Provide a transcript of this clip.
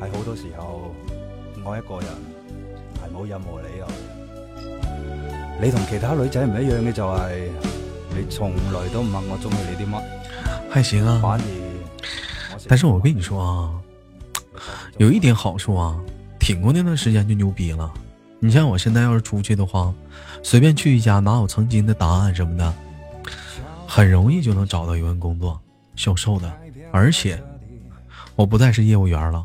係好多時候愛一個人係冇任何理由、嗯。你同其他女仔唔一樣嘅就係、是，你從來都唔問我中意你啲乜、嗯嗯，反而。但是我跟你說啊，嗯、有一點好處啊，嗯、挺過那段時間就牛逼啦。你像我現在要是出去的話，隨便去一家，拿我曾經的答案什麼的，很容易就能找到一份工作，銷售的，而且我不再是業務員了。